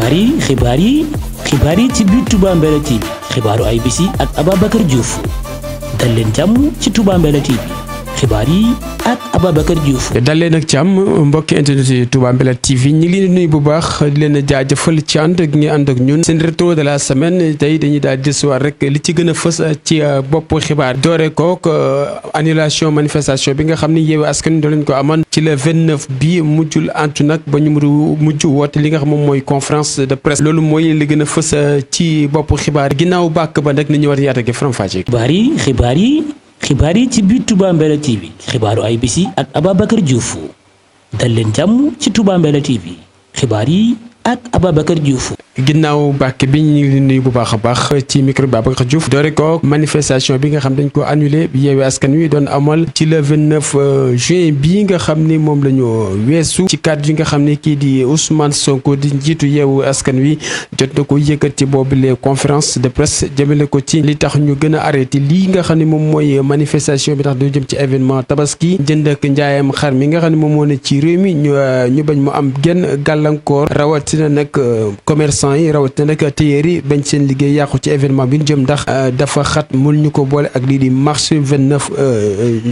xibaar yi xibaar yi xibaar yi ci biir Touba Mbella TV xibaaru ay bisi ak Ababacar Diouf dal leen jàmm ci Touba Mbella xibaar yi ak Ababacar Diouf. dal leen ak jàmm mbokki internet yi Touba Mbella TV ñi ngi leen nuyu bu baax di leen jaajëfal ci ànd ak ñi ànd ak ñun seen retour de la semaine tey dañuy daal di suwaat rek li ci gën a fës ci euh, bopp xibaar doore kook euh, annulation manifestation bi nga xam ni Yewwi Askan Wi doo leen ko amoon ci le 29 bi mujjul antu nag ba ñu mujj woote li nga xam moom mooy confrance de presse loolu mooy li gën a fës euh, ci bopp xibaar ginnaaw bàkk ba nag ni ñu war a yaata gi faram-fàccee. yi xibaar yi. xibaar yi ci biir Touba Mbella TV xibaaru ay bisi ak Ababacar Diouf dal leen jàmm ci Touba Mbella TV xibaar yi ak Ababacar Diouf. ginnaaw Mbacke bi ñu ngi leen nuyu bu baax a baax ci micro bi Ababacar Diouf doore ko manifestation bi nga xam dañ ko annulé yeewee askan wi doon amal ci le 29 euh, juin bii nga xam ni moom la ñu weesu ci cadre yi nga xam ni kii di Ousmane Sonko di njiitu yeewu askan wi jot na ko yëkkat ci boobu les conférence de presse jëmale ko ci li tax ñu gën a arrêté lii nga xam ne moom mooy manifestation bi tax du jëm ci événement tabaski jënd ak njaayam xar mi nga xam ne moom moo ne ci réew mi ñu euh, ñu bañ mu am genn gàllankoor rawati rawatina nag commerçant yi rawatina nag tailleur yi bañ seen liggéey yàqu ci événement bi ñu jëm ndax dafa xat mul ñuko bolé ak lii di marché 29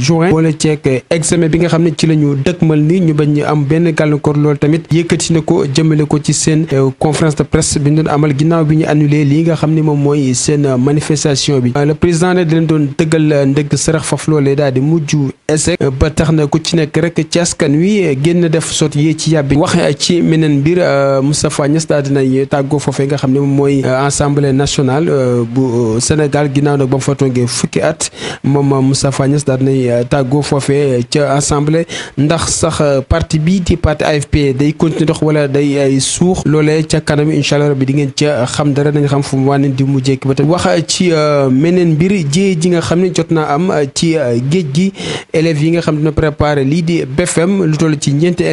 juin bolé ci ak examen bi nga xam ci lañu ñu dëkkmal ni ñu bañ am ben benn kor lool tamit yëkëti na ko jëmale ko ci seen conférence de presse bi ñu doon amal ginnaw bi ñu annulé li nga xam mom moy mooy seen manifestation bi le président ne daleen doon dëggal ndëgg sarax faf lolé daal di mujj échec ba taxna ku ci nek rek ci askan wi génn def sot yee ci yàbbi waxe ci menen bir Moustapha Niass daal dinañ tàggoo foofee nga xam ne moom mooy euh, assemblée nationale euh, bu euh, Sénégal ginnaaw nag ba mu fa toogee fukki at moom Moustapha Niass daal dinañ tàggoo foofee ca assemblée ndax sax parti bi di parti AFP day continuer dox wala day ay suux loolee ca kanam incha allah rabbi di ngeen ca xam dara nañ xam fu mu wànneen di mu jekki ba tey wax ci meneen mbir jiyee ji nga xam ne jot naa am ci géej gi élèves yi nga xam dina préparé lii di BFM lu toll ci ñeenti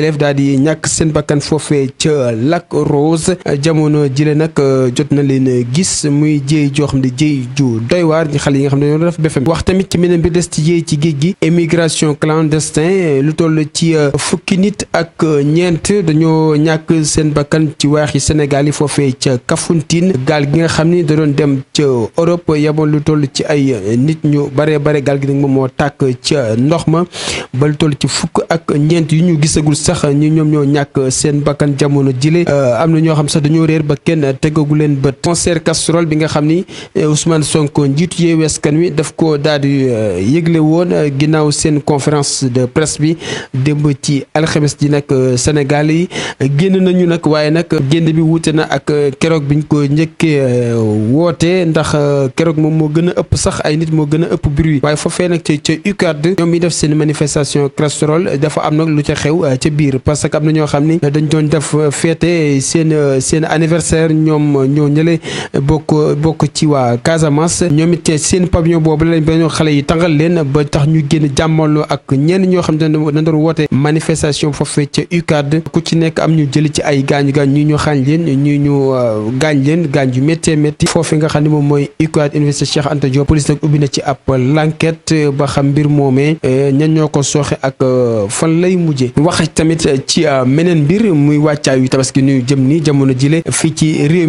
ak Rose eh, jamono jële nag eh, jot na leen gis muy jéey joo xam ne jéey ju doy waar xale yi nga xam ne ñoo def BFM wax tamit ci meneen bi des ci jéey ci géej gi émigration clandestin eh, lu toll ci fukki nit ak ñeent dañoo ñàkk seen bakkan ci waax yi Sénégal yi foofee ca Kafountine gaal gi nga xam ni da doon dem ca Europe yaboon lu toll ci ay nit ñu bare bare gaal gi nag moom moo tàkk ca ndox ma ba lu toll ci fukk ak ñeent yu ñu gisagul sax ñi ñoom ñoo ñàkk seen bakkan jamono jile Euh, am na ñoo xam sax dañoo réer ba kenn tegagu leen bët concert casserole bi nga xam ni euh, Ousmane Sonko njiitu wees kan Wi daf ko daal di euh, yëgle woon ginnaaw seen conférence de presse bi démb ci alxemes ji nag Sénégal yi génn nañu nag waaye nag génn bi wuute na ak keroog bi ñu ko njëkkee woote ndax keroog moom moo gën a ëpp sax ay nit moo gën a ëpp bruit waaye foofee nag ca ca UCAD ñoom yi def seen manifestation casserole dafa am nag lu ca xew ca biir parce que am ñoo xam ni dañ fêté seen euh, seen anniversaire ñoom ñoo ñële bokk bokk ci waa Casamance ñoom it seen pavillon boobu lañ benn xale yi tangal leen ba tax ñu génn jàmmaloo ak ñenn ñoo xam ne dañ doon woote manifestation foofee ca UCAD ku ci nekk am ñu jël ci ay gaañu gaañ ñu ñu xaañ leen ñu ñu euh, gaañ leen gaañ yu méttee métti foofu nga xam ne moom mooy UCAD université Cheikh Anta Diop police nag ubbi na ci ab l'enquête ba xam mbir moomee euh, ñan ñoo ko sooxe ak fan lay mujje wax tamit ñu jëm ni jamono jile fii ci réew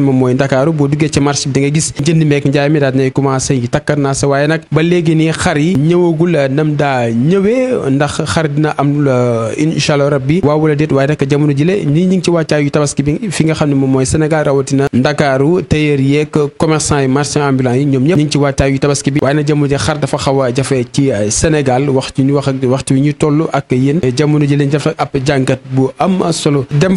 mooy Ndakaaru boo duggee ci marché bi da nga gis njënd meek njaay mi daal dinay commencé yi nii xar yi ñëwagul eh, nam daa ñëwee ndax xar dina am eh, incha allah rabbi waaw wala déet waaye nag jamono jile nii ñi ngi ci wàccaayu tabaski bi fi nga xam ne moom mooy Sénégal rawatina Ndakaaru tailleur yeeg commercant yi marchand ambulant yi ñoom ñëpp ñi ngi ci wàccaayu tabaski bi waaye nag jamono ji xar dafa xaw a jafe ci eh, Sénégal waxtu ñu wax ak waxtu wi ñu toll ak yéen jamono ji lañ def ab jàngat bu am solo dem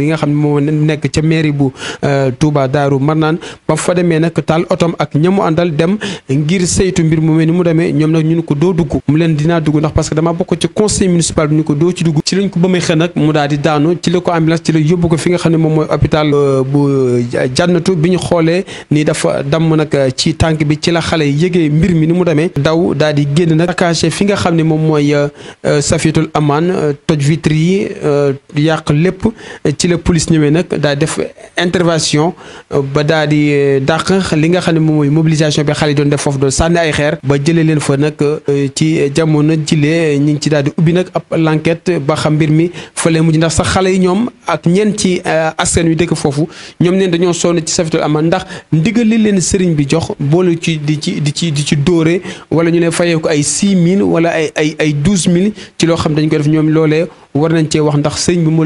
yi nga xam ne moo nekk ca mairie bu euh, Touba Daaru Marnaan ba fa demee nag taal otom ak ñamu àndal dem ngir saytu mbir mu mel ni mu demee ñoom nag ñu ne ko doo dugg mu leen dinaa dugg ndax parce que dama bokk ci conseil municipal bi ñu ko doo ci dugg ci lañ ko ba may xën nag mu moom mooy hôpital euh, euh, jànnatu bi ñu xoolee ni dafa damm nag ci tànk bi ci la xale yëgee mbir mi ni mu demee daw daal di génn nag saccagé fi nga xam ne moom mooy safitul amaan toj vitre yi yàq lépp ci la police ñëwee nag daa def intervention euh, ba daa di euh, dàq li nga xam ne moom mooy mobilisation bi xale yi doon def foofu doon sànni ay xeer ba jëlee leen fa nag euh, ci jamono jilee ñu ngi ci daal di ubbi nag ab l'enquête ba xam mbir mi fa leen mujj ndax sax xale yi ñoom ak ñenn ci askan wi dëkk foofu ñoom neen dañoo sonn ci safitul aman ndax ndigal li leen sëriñ bi jox boole ci di ci di ci di ci dóore wala ñu ne fayee ko ay six mille wala ay ay ay douze mille ci loo xam dañ ko def ñoom loolee wax ndax sëriñ bi moo